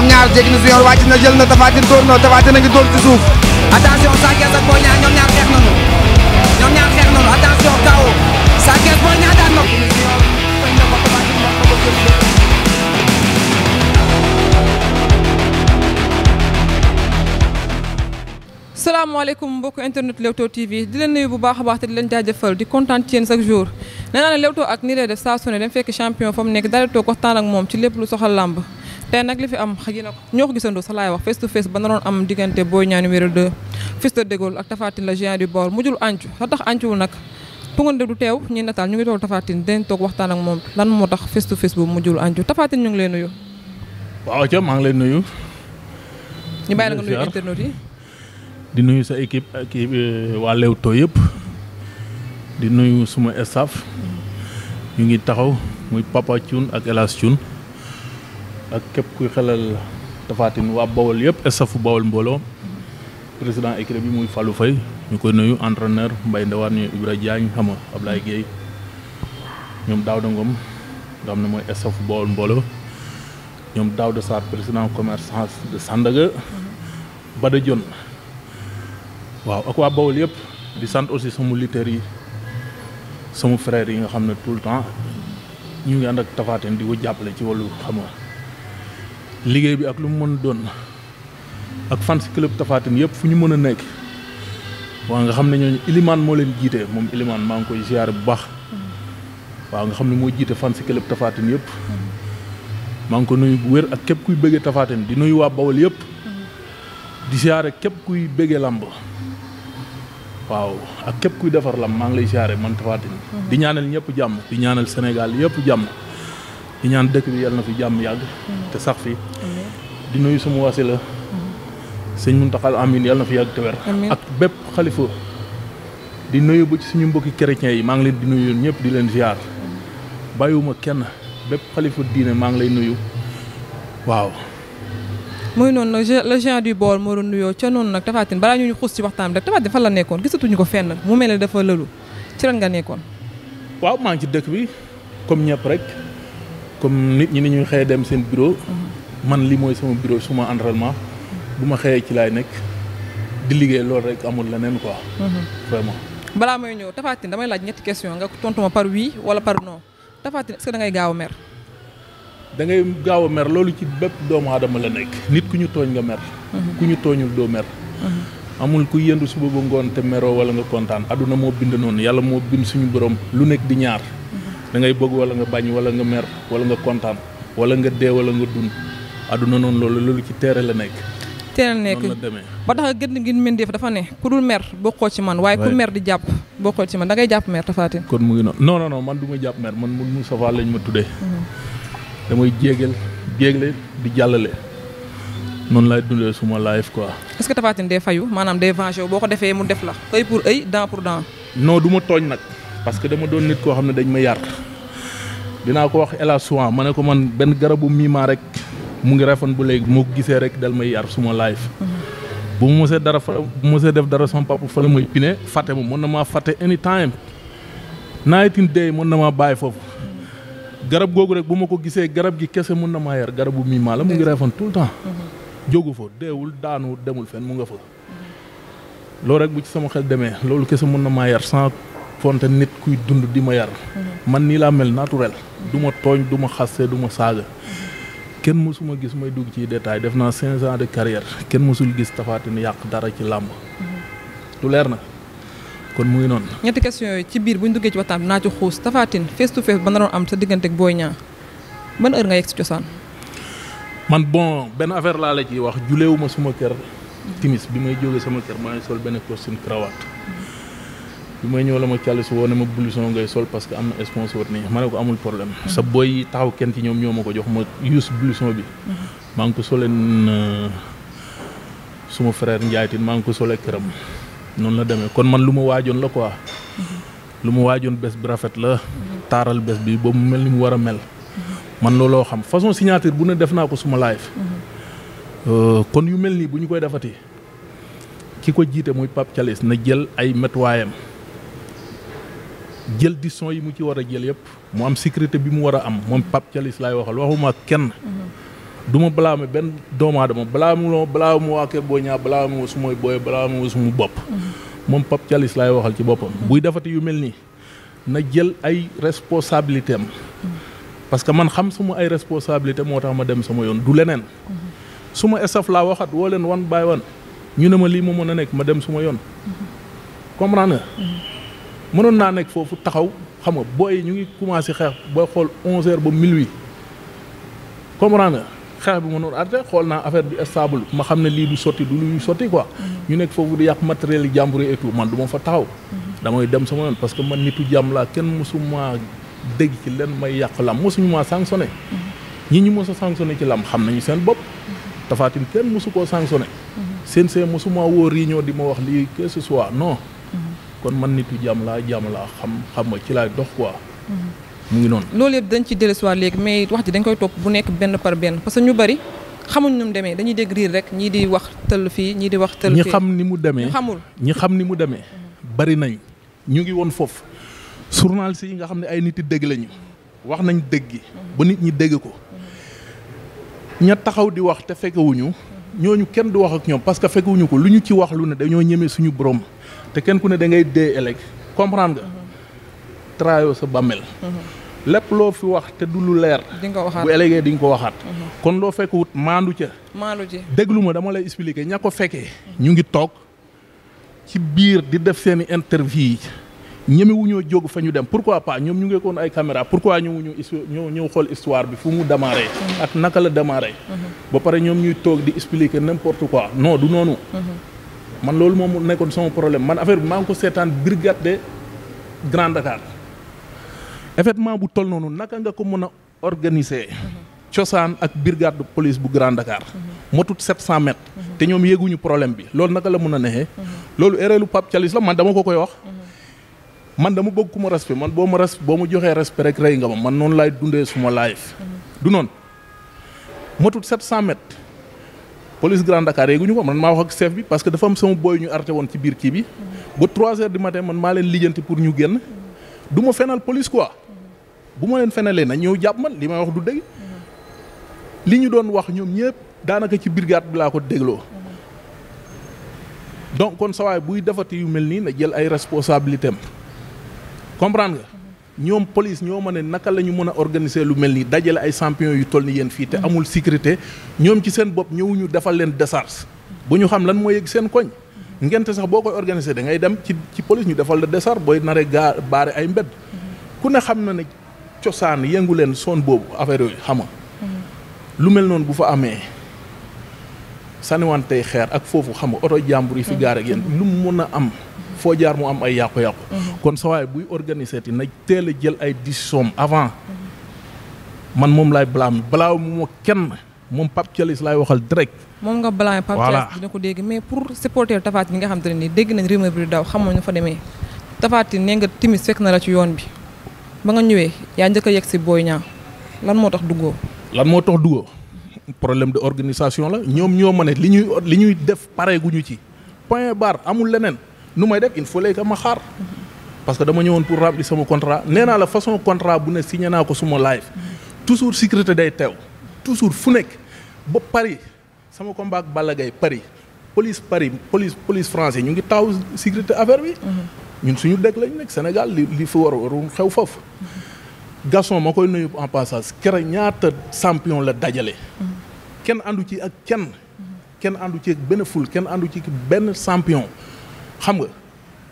ñoom ñaar jéggi na na jël na Tapha a ngi dóor ci suuf attention internet Leewtoo TV di leen nuyu bu baax a baax te di leen jaajëfal di kontaan ci yéen chaque jour nee naa ne Leewtoo ak nii lay def saa su ne fekk champion fa mu nekk daal di toog moom ci lépp lu soxal làmb tey nag li fi am xëy na ñoo ko gisandoo sax laay wax face to face ba naroon am diggante Boy Niang numéro 2 Fils de Dégol ak Tapha Tine la géant du Baol mujjul àncu la tax àncuwul nag tungoon du teew ñi nataal ñu ngi toog Tapha Tine dinañ toog waxtaan ak moom lan moo tax face to face boobu mujjul àncu Tapha Tine ñu ngi lay nuyu. waaw ca maa ngi lay nuyu. ñu bàyyi la nga nuyu internet yi. di nuyu sa équipe ak euh, waa Leewtoo yëpp di nuyu suma staff ñu ngi taxaw muy Papa Thioune ak El Hadj ak képp kuy xelal tafaatin waa Bawol yëpp estafu Bawol mbooloo président écurie bi muy falu fay ñu koy nuyu entraîneur Mbaye Ndawaan ñu Ibra Diagne xam nga Ablaye Guèye ñoom Daouda Ngom nga xam ne mooy estafu Bawol mboolo ñoom Daouda Sarr président commerçant de Sandaga Bada Dione waaw ak waa Bawol yëpp di sant aussi samu lutteurs yi sama frère yi nga xam ne tout le temps ñu ngi ànd ak tafaatin di ko jàppale ci wàllu xam liggéey bi ak lu mu mën doon ak fans club Tapha Tine yëpp fu ñu mën a nekk waa nga xam ne ñooñu Ilimane moo leen jiite moom Ilimane maa ngi koy ziar bu baax waa nga xam ne moo jiite fans club Tapha Tine yëpp maa ngi ko nuyu bu wér ak képp kuy bëggee Tapha di nuyu waa Bawol yëpp di ziare képp kuy bëggee làmb waaw ak képp kuy defar làmb maa ngi lay ziare man Tapha di ñaanal ñëpp jàmm di ñaanal Sénégal yëpp jàmm di ñaan dëkk bi yàlla na fi jàmm yàgg te sax fi di nuyu suma wasi la sëñ Muntaxal amin yàlla na fi yàgg te wér ak bépp xalifa di nuyu ba ci suñu mbokki chrétiens yi maa ngi leen di nuyu ñëpp di leen ziar bàyyiwuma kenn bépp xalifa diine maa ngi lay nuyu waaw muy noonu nag le géant du Baol moo doon nuyoo ca noonu nag Tapha Tine balaa ñu xuus ci waxtaan la nekkoon gisatuñu ko fenn mu mel ne dafa lëlu ci nga nekkoon waaw maa ngi ci dëkk bi comme ñëpp rek comme nit ñi ni ñuy xëyee dem seen bureau. Mhm. man li mooy sama bureau suma entraînement. bu ma xëyee ci laay nekk di liggéey loolu rek amul leneen quoi. Mhm. vraiment. balaa may ñëw Tapha Tine damay laaj ñetti question nga tontu par wi wala par non Tapha Tine est gaaw a mer. da ngay gaaw a mer loolu ci bépp doomu aadama la nekk. nit ku ñu tooñ nga mer. Mhm. ku ñu tooñul doo mer. amul ku yendu suba bu ngoon te meroo wala nga kontaan. adduna moo bind noonu yàlla moo bind suñu borom lu nekk di ñaar. dangay ngay bëgg wala nga bañ wala nga mer wala nga kontaan wala nga dee wala nga dund àdduna noonu loolu loolu ci teere la nekk. teere la nekk ba tax gën gën mbindeef dafa ne ku dul bokkoo ci man. waaye ku di jàpp bokkoo ci man da ngay jàpp mer tafaatin. kon mu ngi noonu non man du ma jàpp mer man mun Moussa Fall lañ ma tuddee. Mhm. damay jéegal jéegle di jàllale. noonu laay dundee suma life quoi. est-ce que Tapha Tine fayu maanaam day venger boo ko defee mu def la. œil pour œil dent pour dent. non du ma tooñ nag parce que dama doon nit koo xam ne dañ ma yar dinaa ko wax El Hadj Souan ma ne ko man benn garabu miima rek mu ngi rafan bu léegi mu gisee rek dal may yar suma live bu mu mosee dara fa bu def dara sama papa fa la may pine fàtte ma mën na maa fàtte any time night tin day mën na maa bàyyi foofu garab googu rek bu ma ko gisee garab gi kese mën na maa yar garabu miima la mu ngi rafan tout le temps jógu fa deewul daanu demul fen mu nga fa loolu rek bu ci sama xel demee loolu kese mën na maa yar fonte nit kuy dund di ma man nii laa mel naturel du ma tooñ du ma xaste du ma saaga kenn mësuma gis may dugg ci détail def naa cinq ans de carrière kenn mësul gis Tapha Tine yàq dara ci làmb mhm. lu leer na kon mu ngi noonu. ñetti question yooyu ci biir buñ ñu duggee ci waxtaan bi naa ci xuus Tapha Tine face to face ba naroon am sa diggante ak Boy Niang ban heure nga yegg si cosaan. man bon benn affaire laa la ciy wax juleewu ma suma kër. timis bi may jógee sama kër maa ngi sol benn costume cravate. bi may ñëw ma càll si woo ne ma blouson ngay sol parce que am na sponsor nii ma ne sa booy taxaw kenn ci ñoom ñoo ko jox ma use blouson bi maa ngi ko soleen euh, suma frère Ndiaye Tine maa këram noonu la demee kon man lu ma waajoon la quoi lu ma waajoon bés bi rafet la taaral bés bi ba mu mel ni mu war a mel man looloo xam façon signature bu ne def naa ko suma live euh, kon yu mel nii bu ñu koy defati ki ko jiite muy Pape Thialis na jël ay métuwaayam jël décision yi mu ci war a jël yëpp mu am sécurité bi mu war a am moom Pape Thialis laay waxal waxuma kenn. Mm-hmm. du ma blâmer benn doomu aadama blâmer blâmer waa Kër Boña blâmer su mooy booy blâmer sumu bopp. Mm-hmm. moom Pape Thialis laay waxal ci boppam. Mm-hmm. buy defati yu mel nii na jël ay responsabilité am. parce que man xam suma ay responsabilité moo tax ma dem sama yoon du leneen. su ma estaf laa waxat woo leen wan bàyyi wan ñu ne ma lii ma mën a nekk ma dem suma yoon. mënoon naa nekk foofu taxaw xam nga booy ñu ngi commencé xeex booy xool 11h ba minuit comprendre xeex bi ma mënoon arrêté xool naa affaire bi stable ma xam ne lii du sotti du luy sotti quoi. Mm-hmm. ñu nekk foofu di yàq matériel yi jàmbur et man du ma fa taxaw. Mm-hmm. damay dem sama yoon parce que man nitu jàmm laa kenn mosuma dégg ci leen may yàq lam mosuñu maa sanctionné. Mm-hmm. ñi ñu mos a sanctionné ci làmp xam nañu seen bopp. Tapha Tine kenn mosu koo sanctionné. seen see mosuma woo réunion di ma wax lii que ce non. kon man nitu jàmm laa jàmm laa xam xam nga ci laay dox quoi. mu ngi noonu. loolu yëpp dañ ci dellusiwaat léegi mais wax ji dañ koy topp bu nekk benn par benn parce que ñu bari xamuñ nu mu demee dañuy dégg riir rek ñii di wax tëll fii ñii di wax. tëll fii ñi xam ni mu demee ñu xam ni mu demee. bari nañ ñu ngi woon foofu journaliste yi nga xam ne ay nit dégg lañu wax nañ dégg gi ba nit ñi dégg ko ña taxaw di wax te ñoo ñooñu kenn du wax ak ñoom parce que fekkewuñu ko lu ñu ci wax lu ne dañoo ñemee suñu borom. te kenn ku ne dangay ngay dee comprend comprendre nga. Mm-hmm. traayoo sa bàmmeel. Mm-hmm. lépp loo fi wax te du leer. di nga ko waxaat bu ëllëgee di ko waxaat. Mm-hmm. kon loo fekk wut maandu ca. maandu ca déglu ma dama lay expliquer ña ko fekkee. ñu ngi toog ci biir di def seen i interview yi. ñemewuñoo jóg fa ñu dem pour pourquoi pas ñoom ñu ngi koon ay caméra pourquoi ñëwuñu ñëw ñëw xool histoire bi fu mu démarré. ak naka la démarré. ba pare ñoom ñuy toog di expliquer n'importe quoi non du noonu. man loolu moom nekkoon sama problème man affaire bi maa ngi ko seetaan brigade de Grand Dakar effectivement bu toll noonu naka nga ko mën a organiser. cosaan ak brigade de police bu Grand Dakar. motut 700 mètres. te ñoom yéeguñu problème bi loolu naka la mën a nexee. loolu erreelu Pape Thialis la man dama ko koy wax. man dama bëgg ku ma respect man boo ma res boo ma joxee respect rek rey nga ma man noonu laay dundee suma life. du noonu motut 700 mètres. police Grand Dakar yéeguñu ko man maa wax ak chef bi parce que dafa am sama boy ñu arrêté woon ci biir kii bi ba trois heures du matin man maa leen lijjanti pour ñu génn du ma fenal police quoi bu ma leen fenalee na ñëw jàpp man li may wax du dëgg li ñu doon wax ñoom ñëpp daanaka ci brigade bi laa ko dégloo donc kon sawaay buy defati yu mel nii na jël ay responsabilités am comprendre ñoom police ñoo ma ne naka la ñu mën a organiser lu mel nii dajale ay champion yu toll ni yéen fii te mm-hmm. amul sécurité ñoom ci seen bopp ñëwuñu defal leen décharge bu ñu xam lan mooy yëg seen koñ mm-hmm. ngente sax boo koy organiser da ngay dem ci ci police ñu defal la décharge booy nare gaa baare ay mbedd mm-hmm. ku ne xam na ne cosaan yëngu leen son boobu affaire yooyu xama lu mel noonu bu fa amee saniwantey xeer ak foofu xam nga oto jàmbur yi fi gaar ak yéen lu mu mën a am foo jaar mu am ay yàqu-yàqu. kon sa waay buy organiser ti na teel a jël ay décisions avant. man moom laay blâme balaa mu kenn moom Pape Thialis laay waxal direct. moom nga blâme Pape Thialis dina ko dégg mais pour supporter Tapha Tine bi nga xam te ne nii dégg nañ rumeur bi daw na ñu fa demee Tapha Tine nee nga timis fekk na la ci yoon bi ba nga ñëwee yaa njëkk a yegg si Boy ñaa lan moo tax duggoo. lan moo tax duggoo problème de organisation la ñoom ñoo ma ne li ñuy li ñuy def pare ci nu may def il faut que ma xaar parce que dama ñëwoon pour remplir sama contrat nee naa la façon contrat bu ne si naa ko suma live toujours sécurité day teew toujours fu nekk ba Paris sama combat ak Balla Gaye Paris police Paris police français ñu ngi taaw sécurité affaire bi. Mhm. ñun suñu dëkk lañ nekk Sénégal li li fi war waru xew foofu. gason ma koy nuyu en passage keroog ñaata champion la dajale. Mhm. kenn àndu ci ak kenn. kenn àndu ci ak benn ful kenn àndu ci benn champion. xam nga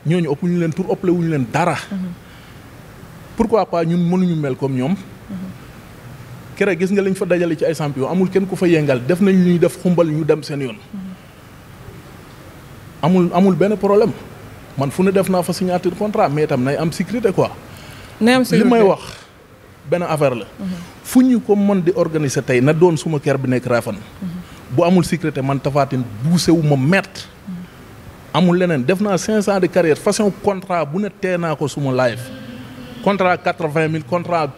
ñooñu ëpp ñu leen tur ëppale wuñu leen dara. pourquoi pas ñun mënuñu mel comme ñoom. kere gis nga lañ fa dajale ci ay champion amul kenn ku fa yengal def nañ ñuy def xumbal ñu dem seen yoon. amul amul benn problème man fu ne def naa fa signature contrat mais itam nay am sécurité quoi. nay am li may wax benn affaire la. fu ñu ko mën di organiser tey na doon suma kër bi nekk raafan mhm. bu amul sécurité man Tapha Tine buuse wu ma mett mhm. amul leneen def naa cinq cent de carrière façon contrat bu ne tee naa ko suma live contrat quatre-vingt mille contrat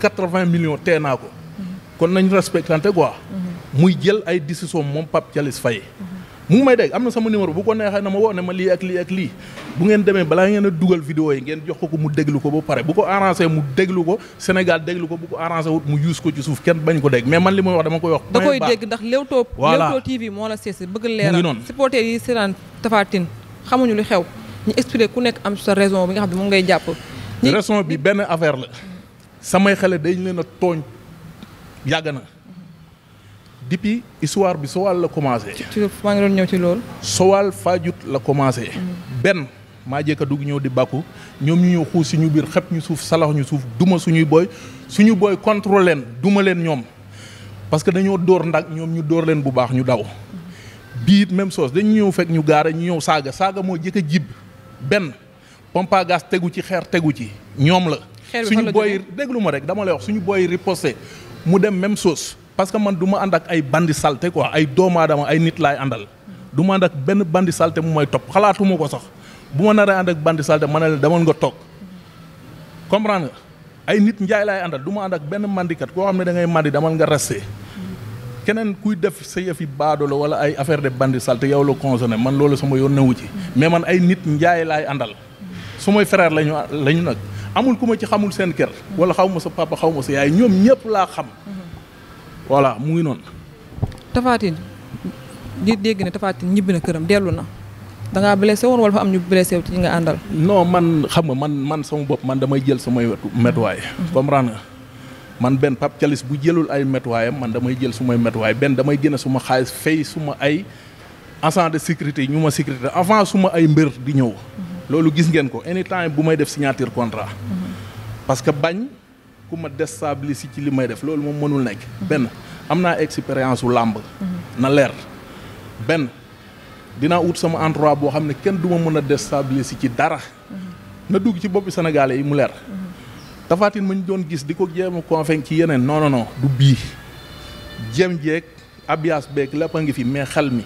quatre-vingt millions tee naa ko mhm. kon nañ respectante quoi mhm. muy jël ay décision moom Pape Thialis Faye mhm. mu ngi may dégg am na sama numéro bu ko neexee na ma woo ne ma lii ak lii ak lii bu ngeen demee balaa ngeen a dugal vidéo yi ngeen jox ko ko mu déglu ko ba pare bu ko arrangé mu déglu ko Sénégal déglu ko bu ko arrangé mu yuus ko ci suuf kenn bañ ko dégg mais man li may wax dama koy wax da koy dégg ndax Leewtoo Leewtoo TV moo la seesi bëgg leeral supporter yi seetaan Tapha Tine xamuñu lu xew ñu expliqué ku nekk am sa raison bi nga xam ne moom ngay jàpp raison bi benn affaire la samay xale dañ leen a tooñ yàgg na depuis histoire bi Sowal la commencé. ci maa ngi ci loolu. Sowal Fajut la commencé. Mm. benn maa jekk a dugg ñëw di bàkku ñoom ñu ñëw xuus suñu biir xëpp ñu suuf salax ñu suuf duma suñu booy suñu booy contrôle leen duma leen ñoom parce que dañoo dóor ndag ñoom ñu door leen bu baax ñu daw. bii même chose dañu ñëw fekk ñu gaare ñu ñëw saaga saaga moo jëkk a jib benn pompe tegu ci xeer tegu ci ñoom la. suñu booy déglu ma rek dama lay wax suñu booy riposté mu dem même chose. parce que man du ma ànd ak ay bandi salté quoi ay doomu aadama ay nit laay àndal du ma ànd ak benn bandi salté mu may topp xalaatuma ko sax bu ma nar ànd ak bandi salté ma ne la demal nga toog comprendre ay nit njaay laay àndal du ma ànd benn mandikat koo xam ne da ngay mandi demal nga resté keneen kuy def sa yëfi baadolo wala ay affaire de bandi salté yow la concerné man loolu sama yoon newu ci mais man ay nit njaay laay àndal su may frère lañu lañu nag amul ku ma ci xamul seen ker wala xaw ma sa papa xaw ma sa yaay ñoom ñëpp laa xam voilà mu ngi noonu. Tapha dégg ne Tapha ñibbi na këram dellu na da ngaa blessé woon fa am ñu blessé wu ci nga àndal. no man xam nga man man sama bopp man damay jël samay métuwaay. Mhm. comprendre nga man benn Pape calise bu jëlul ay métuwaayam man damay jël sumay métuwaay benn damay génne suma xaalis fay suma ay agent de sécurité ñu ma sécurité avant suma ay mbër di ñëw. Mhm. loolu gis ngeen ko anytime bu may def signature contrat. Mhm. parce bañ. ku ma si ci li may def loolu moom mënul nekk. benn am naa expérience wu làmb. na leer benn dinaa ut sama endroit boo xam ne kenn du ma mën a des déstabiliser ci dara. na dugg ci boppi Sénégalais yi mu leer. tafaatin ma ñu doon gis di ko jéem a convaincre ci yeneen non non du bii jéem jeeg abias beeg lépp a ngi fi mais xel mi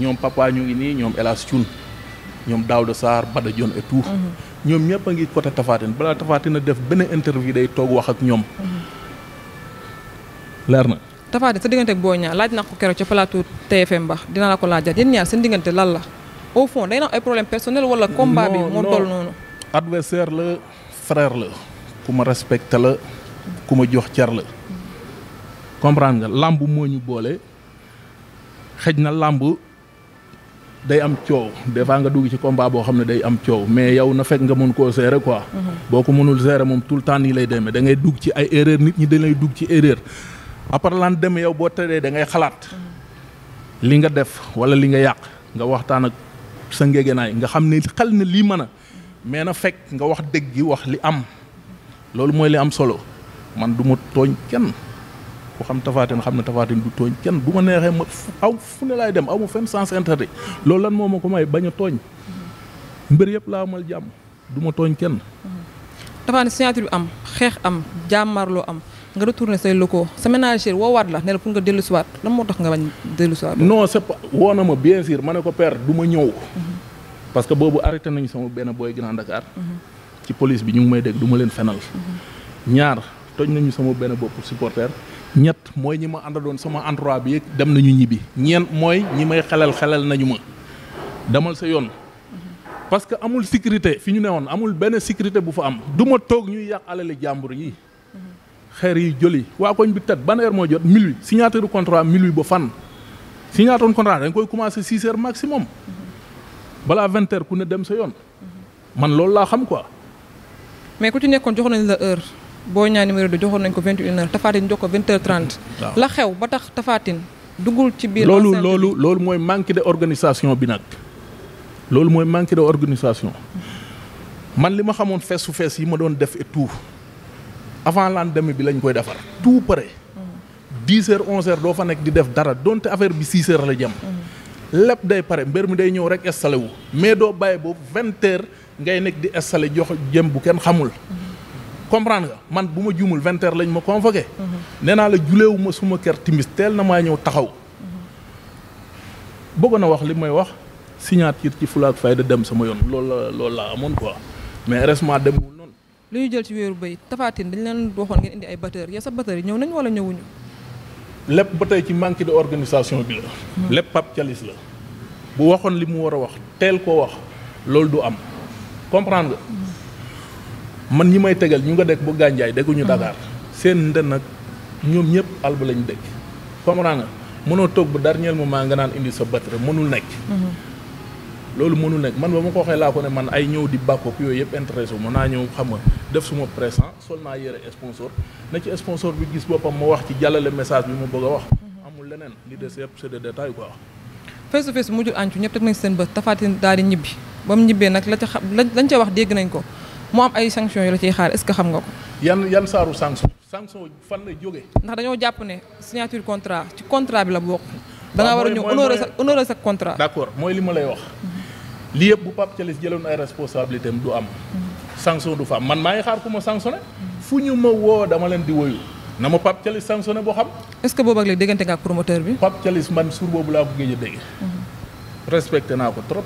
ñoom papa ñu ngi nii ñoom El Hadj ñoom Daouda Sarr Bada ñoom ñëpp a ngi côté Tapha Tine balaa Tapha a def benn interview day toog wax ak ñoom. Mhm. leer na. Tapha Tine sa diggante ak Boy Niang laaj na ko keroog ca plateau TFM ba dina la ko laajaat yéen ñaar seen diggante lan la au fond day na ay problème personnel wala combat bi moo toll noonu. adversaire la frère la ku ma la ku ma jox cer la mhm. comprendre nga làmb moo ñu boole xëj na làmb day am coow des fois nga dugg ci combat boo xam ne day am coow mais yow na fekk nga mën koo gérer ko mhm. boo ko mënul gérer moom tout le temps nii lay demee da ngay dugg ci ay erreur nit ñi dañ dugg ci erreur après lan demee yow boo tëree da ngay xalaat. Mhm. li nga def wala li nga yàq nga waxtaan ak sa ngégenaay nga xam ne xel ne lii mën a mais na fekk nga wax dëgg gi wax li am loolu mooy li am solo man du ma tooñ kenn. ku xam tafaatin xam ne tafaatin du tooñ kenn bu ma neexee ma fu ne dem aw ma fenn sens loolu lan moo ma ko may bañ a tooñ mbër yëpp laa amal jàmm du ma tooñ kenn. tafaatin signature bi am xeex am jàmmarloo am nga retourné say locaux sa ménager woowaat la ne la pour nga dellu siwaat lan moo tax nga bañ dellu siwaat non c'est pas woo ma ne ko père du ma ñëw. Mhm. parce que boobu arrêté nañu sama benn booy Grand Dakar. Mhm. ci police bi ñu ngi may dégg ma leen fenal. Mhm. ñaar toj nañu sama benn bopp supporter ñet mooy ñi ma àndandoon sama endroit bi dem nañu ñibbi ñeent mooy ñi may xelal xelal nañu ma demal sa yoon. parce que amul sécurité fi ñu ne woon amul benn sécurité bu fa am du ma toog ñuy yàq alali jàmbur yi. xeer yi jëli waa koñ bi tat ban heure moo jot mille huit signature contrat boo huit ba fan. signatoon contrat dañ koy commencé six heures maximum balaa vingt heures ku ne dem sa yoon man loolu laa xam quoi. mais ku ci nekkoon jox nañ la heure. boo Niang numéro 2 joxoon nañ ko 21h Tapha Tine jox ko 20h30. la xew ba tax tafaatin Tine duggul ci biir. loolu loolu loolu mooy manque de organisation bi nag. loolu mooy manque de organisation. man li ma xamoon feesu fees yi ma doon def et tout avant lendemain bi lañ koy defar tout pare. 10 heures 11 heures doo fa nekk di def dara donte affaire bi 6 heures la jëm. lépp day pare mbir mi day ñëw rek installé wu. mais doo bàyyi boobu 20 heures ngay nekk di installé jox jëm bu kenn xamul. comprendre nga man bu ma juumul vingt heures lañ ma convoqué. nee naa la juleewu ma suma kër timis teel na maa ñëw taxaw. bëggoon na wax li may wax signature ci fula ak fayda dem sama yoon lool la loolu laa amoon quoi mais heureusement demul noonu. li ñu jël ci wéeru béy tafaatin dañ leen waxoon ngeen indi ay batteurs yow sa batteur yi ñëw nañ wala ñëwuñu. lépp ba tey ci manque de organisation bi la. Hmm. lépp Pape Thialis la. bu waxoon li mu war a wax teel koo wax loolu du am comprendre man ñi may tegal ñu nga dekk bu gànjaay dégguñu Dakar seen ndën nag ñoom ñëpp alba lañu dëkk comprendre nga mënoo toog bu dernier maa nga naan indi sa battre mënul nekk mm-hmm. mënul nekk man ba ma ko waxee laa ko ne man ay ñëw di bàkkoog yooyu yëpp intéressé wu mën naa ñëw xam nga def suma présent ah sol naa yere sponsor na ci sponsor bi gis boppam ma wax ci jàllale message bi ma bëgg a wax mm-hmm. amul leneen li des yëpp c'est des détails quoi face to mujjul ancu ñëpp teg nañ seen bët Tapha Tine daal di ñibbi ba mu ñibbee nag la ca xam lañ ca wax dégg nañ ko mu am ay sanctions yu la ciy xaar est-ce que xam nga ko. yan yan saaru sanction. sanction fan la jógee. ndax dañoo jàpp ne signature contrat ci contrat bi la bokk. da nga war a ñëw honorer sa honorer sa contrat. d'accord mooy li ma lay wax. Mhm. li yëpp bu Pape Thialis jëloon ay responsabilités am du am. Mhm. sanction du fa am man maa ngi xaar ku ma sanctionné. fu ñu ma woo dama leen di woyu na ma Pape Thialis sanctionné boo xam. est-ce que boobu ak léegi déggante nga ak promoteur bi. Pape Thialis man laa ko géej a dégg. Mhm. respecté naa ko trop.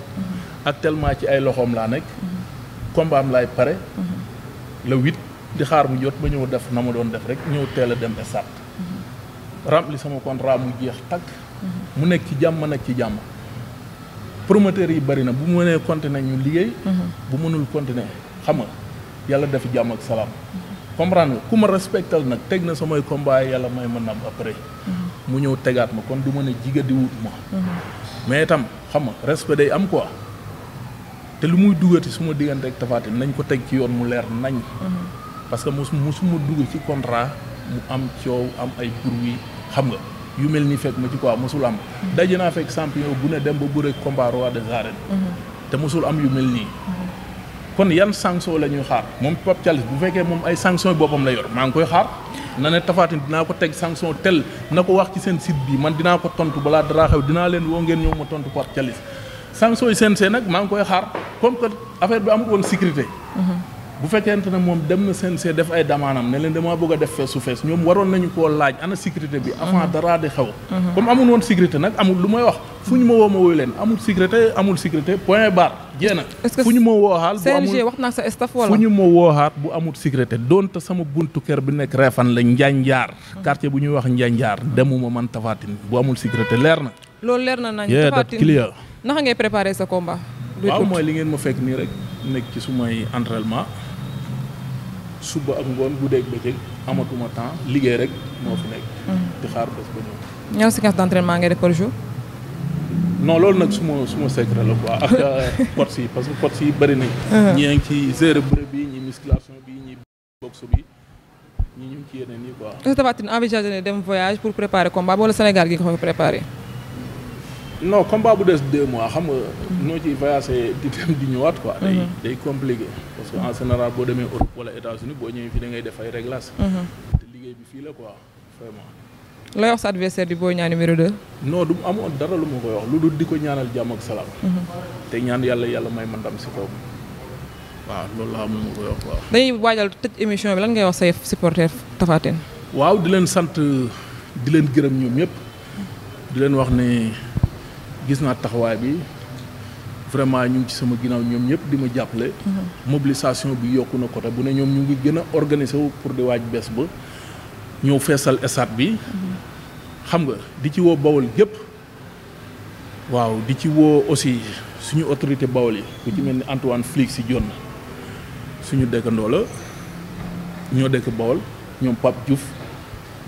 actuellement ci ay loxoom laa nekk. combat am laay pare. Mhm. le huit di xaar mu jot ma ñëw def na ma doon def rek ñëw teela a dem stade. Mhm. rempli sama contrat mu jeex tàkk. Mhm. mu nekk ci jàmm nekk ci jàmm. promoteurs yi bari na bu mënee continuer ñu liggéey. bu mënul continuer xam nga yàlla def jàmm ak salaam. comprendre ku ma respectal nag teg na samay combat yàlla may man nam après. mu ñëw tegaat ma kon du mën a di wut ma. mais itam xama nga day am ko te lu muy dugati suma diggante ak Tapha nañ ko teg ci yoon mu leer nañ. Mm-hmm. parce que mos mosuma dugg ci contrat mu am coow am ay bruit xam nga yu mel ni fekk ma ci quoi mosul am. Mm-hmm. daje naa fekk champion bu ne dem ba bëre combat roi de arènes. Mm-hmm. te mosul am yu mel nii. kon yan sanction la ñuy xaar moom Pape Thialis bu fekkee moom ay sanction boppam la yor maa ngi koy xaar na ne Tapha dinaa ko teg sanction tel na ko wax ci seen site bi man dinaa ko tontu balaa dara xew dinaa leen woo ngeen ñëw ma tontu sanction CNG nag maa ngi koy xaar comme que affaire bi amul woon sécurité. bu fekkente ne moom dem na CNG def ay damaanam ne leen damaa bëgg a def fees su fees ñoom waroon nañu ko laaj ana sécurité bi. avant mhm. dara di xew. Mhm. comme amul woon sécurité nag amul lu may wax fu ñu ma woo ma woo leen amul sécurité amul sécurité point barre. jéem a fu ñu ma woo bu amul CNG wax na sa staff wala. fu ñu ma wooxaat bu amul sécurité donte sama buntu kër bi nekk Réfane la Njanjaar. Mhm. quartier bu ñuy wax Njanjaar demuma man Tapha Tine bu amul sécurité leer na. loolu leer na nañu Tapha Tine naka ngay préparer sa combat. waaw mooy li ngeen ma fekk nii rek nekk ci sumay entraînement suba ak ngoon guddeeg bëccëg amatuma temps liggéey rek moo fi nekk. Mm-hmm. di xaar bés ba ñëw. ñaw séquence d'entraînement ngay def loolu nag su su ma secret la quoi ak euh, coach parce que coach yi bëri nañ. Mm-hmm. ñi ngi ci gérer bëre bi ñi musculation bi ñi boxe bi ñi ñu ngi ci yeneen yi quoi. est-ce que Tapha Tine envisagé dem voyage pour préparer combat wala Sénégal gi nga ko préparer. non combat bu des deux mois xam nga. noo ciy voyagé di dem di ñëwaat quoi. day mhm. day parce que en général boo demee Europe wala États-Unis boo ñëwee fii da ngay def ay réglages. Mhm. te liggéey bi fii la quoi vraiment. lay wax sa adversaire bi Boy Niang numéro 2. non du amoon dara lu ma koy wax lu dul di ko ñaanal jàmm ak salaam. Mhm. te ñaan yàlla yàlla may ma ndam si kaw. waaw loolu la am lu ma koy wax waaw. dañuy waajal tëj émission bi lan ngay wax say supporters Tapha waaw di leen sant di leen gërëm ñoom ñëpp di leen wax ne. gis naa taxawaay bi vraiment ñu ngi ci sama ginnaaw ñoom ñëpp di ma jàppale. Mhm. mobilisation bi yokku na côté bu ne ñoom ñu ngi gën a organiser wu pour di waaj bés ba ñëw feesal stade bi. Mhm. xam nga di ci woo Bawol gépp waaw di ci woo aussi suñu autorité Bawol yi. ku ci mel ni Antoine Félix si Dione suñu dëkkandoo la ñoo dekk Bawol ñoom Pape Diouf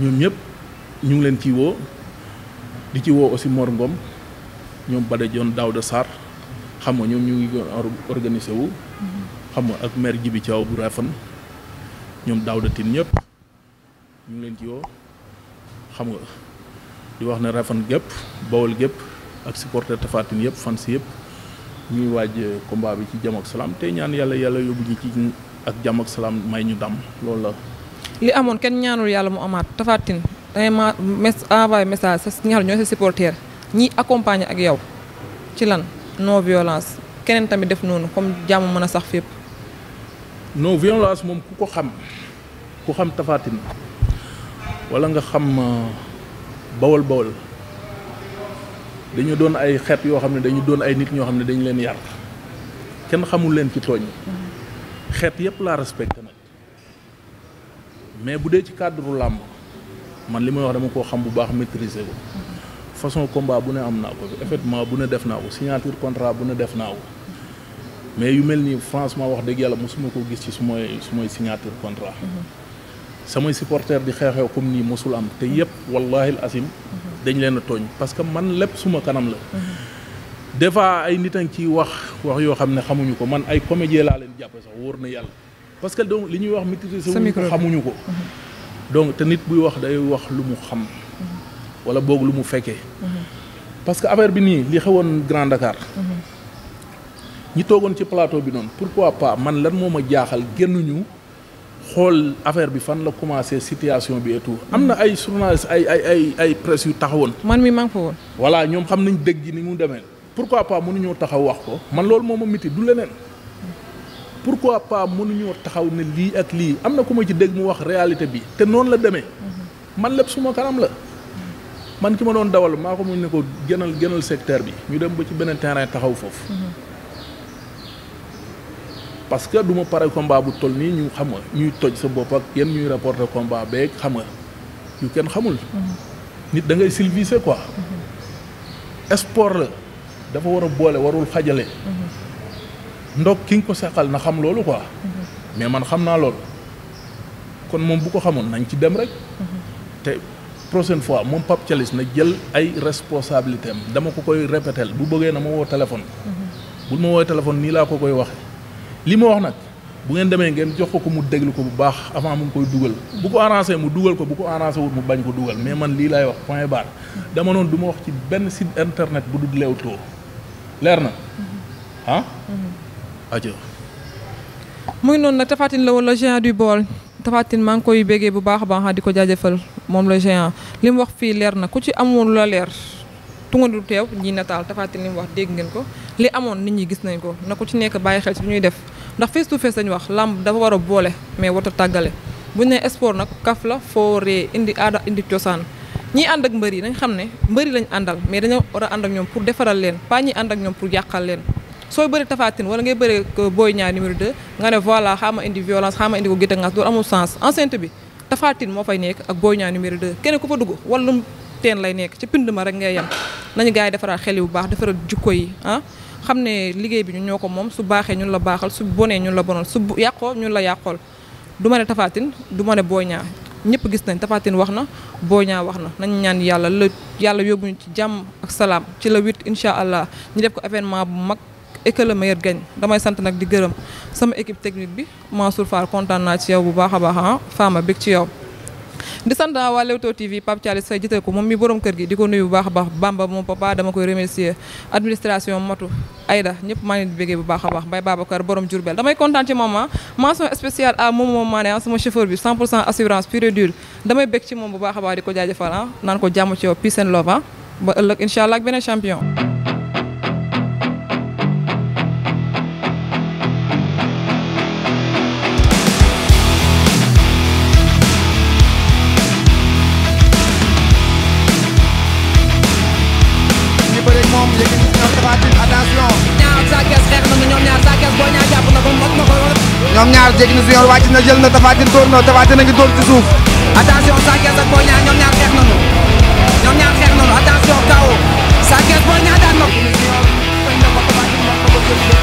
ñoom ñëpp ñu ngi leen ciy woo di ci woo aussi Mor ñoom Bada Dione Daouda Sarr xam nga ñoom ñu ngi organisé wu. xam nga ak maire Jibi Thiaw bu Refane ñoom Daouda tin ñëpp ñu ngi leen ci woo xam nga di wax ne Refane gépp Bawol gépp ak supporter Tapha Tine yëpp fans yëpp ñuy waaj combat bi ci jàmm ak salaam te ñaan yàlla yàlla yóbbu ñu ci ak jàmm ak salaam may ñu dam loolu la. li amoon kenn ñaanul yàlla mu amaat Tapha Tine dangay ma mes envoyé message sa ñaar ñoo sa supporter. ñi accompagner ak yow ci lan non violance keneen tamit def noonu comme jàmm mën a sax fépp. non violence moom ku ko xam ku xam tafaatin wala nga xam euh, bawol bawol dañu doon ay xeet yoo xam ne dañu doon ay nit ñoo xam ne dañu leen yar kenn xamul leen ci tooñ xeet yëpp laa respecté nag mais bu dee ci cadre làmb man li may wax dama koo xam bu baax maîtriser ko. façon combat bu ne am naa ko effectivement bu ne def naa ko signature contrat bu ne def naa ko mais yu mel nii franchement wax dëgg yàlla mosuma ko gis ci su may su may signature contrat samay supporter di xeexew comme nii mosul am te yëpp wallahi asim dañ leen a tooñ parce que man lépp suma kanam la des fois ay nit a ngi ciy wax wax yoo xam ne xamuñu ko man ay comédien laa leen jàppe sax wóor na yàlla parce que donc li ñuy wax maîtriser xamuñu ko donc ko nit buy wax wala boog lu mu fekkee. parce que affaire bi nii li xewoon Grand Dakar. ñi toogoon ci plateau bi noonu pour pourquoi pas man lan moom a jaaxal génnuñu xool affaire bi fan la commencé situation bi et am na ay journaliste ay ay ay ay yu taxawoon. man wi maa ngi fa woon. voilà ñoom xam nañ dëgg ji ni mu demee. pour pourquoi pas mënuñoo taxaw wax ko man loolu moom ma miti du leneen pourquoi pas mënuñoo taxaw ne lii ak lii am na ku ma ci dégg mu wax réalité bi te noonu la demee man lépp suma kanam la. man ki ma doon dawal maa ko mu ne ko gënal gënal secteur bi ñu dem ba ci beneen terrain taxaw foofu mhm. parce que du ma pare combat bu toll nii ñu xam nga ñuy toj sa bopp ak yenn ñuy rapporter combat beeg xam nga yu kenn xamul mhm. nit da ngay sylviser quoi mhm. sport la dafa war boole warul xajale ndox ki nga ko seqal na xam loolu quoi mais man xam naa lool kon moom bu ko xamoon nañ ci dem rek prochaine fois moom Pape Thialis na jël ay responsabilité am dama ko koy répété bu bëggee na ma woo téléphone. bu ma woowee téléphone nii laa ko koy wax li ma wax nag bu ngeen demee ngeen jox ko ko mu déglu ko bu baax avant mu koy dugal. bu ko arrangé mu dugal ko bu ko arrangé wut mu bañ ko dugal mais man lii laay wax point barre. dama noonu du ma wax ci benn site internet bu dul Leewtoo leer na ah. Mhm. ajo muy noonu nag Tapha Tine la wala géant du Baol. Tafatine maa ngi koy béggee bu baax a baax di ko jaajëfal moom la géant li mu wax fii leer na ku ci amoon la leer tungandu teew ñi nataal Tafatine li mu wax dégg ngeen ko li amoon nit ñi gis nañ ko na ku ci nekk bàyyi xel ci lu ñuy def ndax face to face lañu wax làmb dafa war a boole mais woto tàggale bu ñu nee sport nag kaf la foo ree indi aada indi cosaan ñiy ànd ak mbër yi nañ xam ne mbër yi lañ àndal mais dañoo war a ànd ak ñoom pour defaral leen pas ñi ànd ak ñoom pour yàqal leen sooy bëri Tapha Tine wala ngay bëri euh, Boy Niang numéro 2 nga ne voilà xaama indi violence a indi ko gite ngaas loolu amul sens enceinte bi Tapha Tine moo fay nekk ak Boy Niang numéro de kenn ku fa dugg wàllum teen lay nekk ci pind ma rek ngay yem nañu gaa yi defaraat xel yi bu baax defaraat jukko yi ah. xam ne liggéey bi ñu ñoo ko moom su baaxee ñun la baaxal su bonee ñun la bonal su yàqoo ñun la yàqool du ma ne Tapha Tine du ma ne Boy Niang ñëpp gis nañ Tapha Tine wax na Boy Niang wax na nañu ñaan yàlla la yàlla yóbbuñu ci jàmm ak salaam ci la huit incha allah ñu def ko événement bu mag et que le meilleur damay sant nag di gërëm sama équipe technique bi Mansour Fall kontaan naa ci yow bu baax a baax ah Fama bég ci yow. di sant ah, waa Leewtoo TV Pape Thialis Faye jëte ko moom mi borom kër gi di ko nuyu bu baax a baax Bamba moom papa dama koy remercier administration matu Aïda ñëpp maa ngi leen di bégee bu baax a baax Mbaye Babacar borom Diourbel damay kontaan ci moom ah mention spéciale moom moom maa ne ah sama chauffeur bi 100 pour cent assurance pure et damay bég ci moom bu baax a baax di ko jaajëfal ah naan ko jàmm ci yow peace and ah. ba ëllëg incha allah beneen champion ñoom ñaar jéggi na junior wàcc jël na tafaatin dóor na tafaatin a ngi dóor ci suuf attention Sa Thiès ak Boy Niang ñoom ñaar xeex nañu ñoom ñaar xeex nañu attention kaw Sa Thiès Boy Niang daan na